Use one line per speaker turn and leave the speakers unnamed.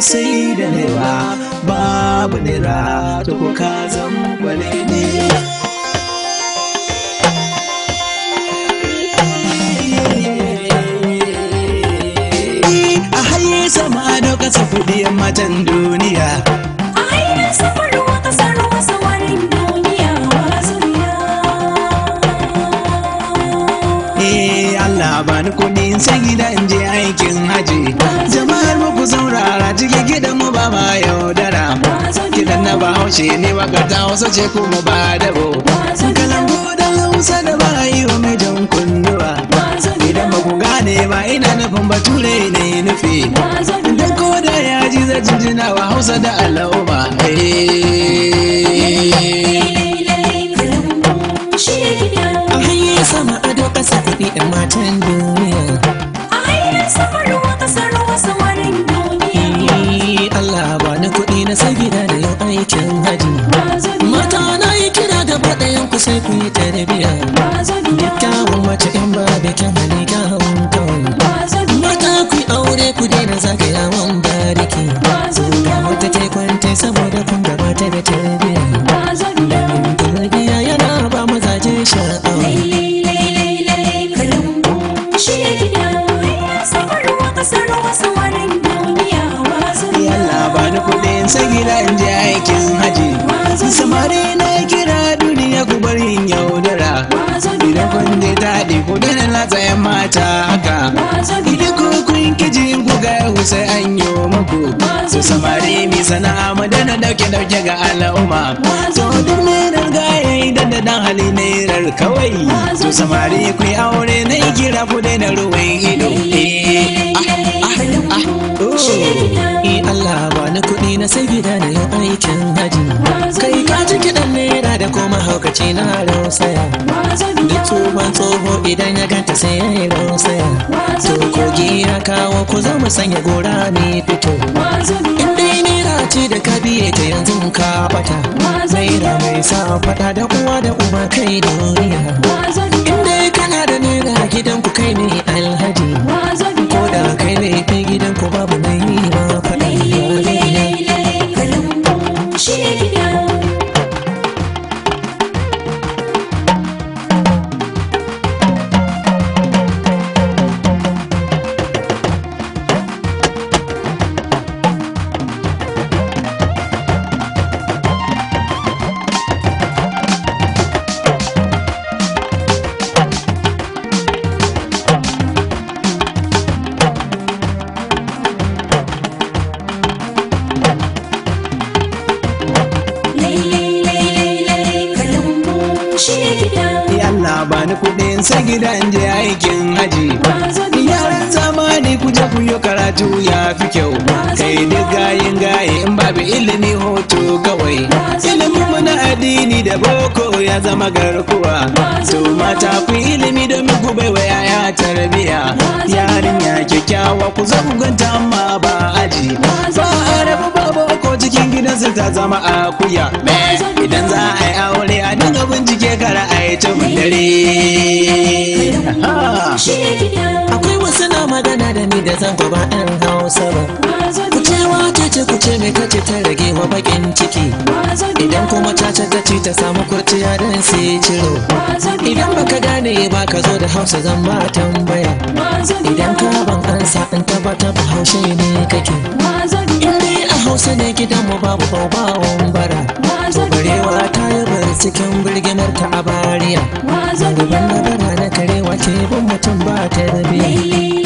sai da nera babu nera to ko ka zan kwale ne. sama da kasa kudin matan duniya. A hanyar samar ruwa kasar ruwa duniya eh, Allah ba ni kudin sai gidan je aikin haji. ciki gidan mu ba ma yaudara gidan na bahaushe ne waka ta wasu ce kuma ba dabo kalan gudan hausa da ba yi wa mai jan kunnuwa idan ba ku gane ba ina nufin bature ne nufi dan ko da ya ji zai jinjina wa hausa da alau
ɓaci in ba da kyan hali ga hawan kawai mata ku aure ku daina zagayawan bariki zuwa wata ta kwanta saboda kun ta da tarbiyya domin tarbiyya yana ba
sagila in je aikin haji. Samari na daɗi ku dina na tsayin mata haka idan ku kun kiji guga ga sai an yi wa muku su samari mi sana'a mu dauke dauke ga al'umma to duk ne nan gaye da da dan hali ne rar kawai su samari ku aure na kira ku dai da ruwan ido eh, ah, ah, ah, oh.
Allah ba ni kuɗi na sai gida na yin aikin haji kai ka ji kiɗan naira da kuma haukaci na rausaya duk tsohon tsoho idan ya ganta sai ya yi rausaya to kogi ya kawo ko za mu sanya gora ni fito in dai naira ce da ka biye ta yanzu ka bata naira mai sa faɗa da uwa da uba kai da ya.
sa gidan je aikin haji yaran zamani ne ku karatu ya fi kyau kai duk gayin gaye in babu ilimi hoto kawai ilimin mu na addini da boko ya zama garkuwa to mata ku ilimi domin ku wa yaya tarbiya yarinya kyakkyawa ku zo ku ganta amma ba aji ba a rabu ba boko cikin gidansu ta zama akuya
zan gaba ɗan hausa ba ku ce wa ce ku ce mai kace ta rage wa bakin ciki idan kuma ta ta ci ta samu kurciya dan sai ciro idan baka gane ba ka zo da hausa zan ba tambaya idan ka ban ansa in tabbata ba haushe ne kake in a hausa ne gidan mu babu bawon bara barewa ta yi bari cikin birginar ta a bariya gaban na na karewa ke bin mutum ba ta rabi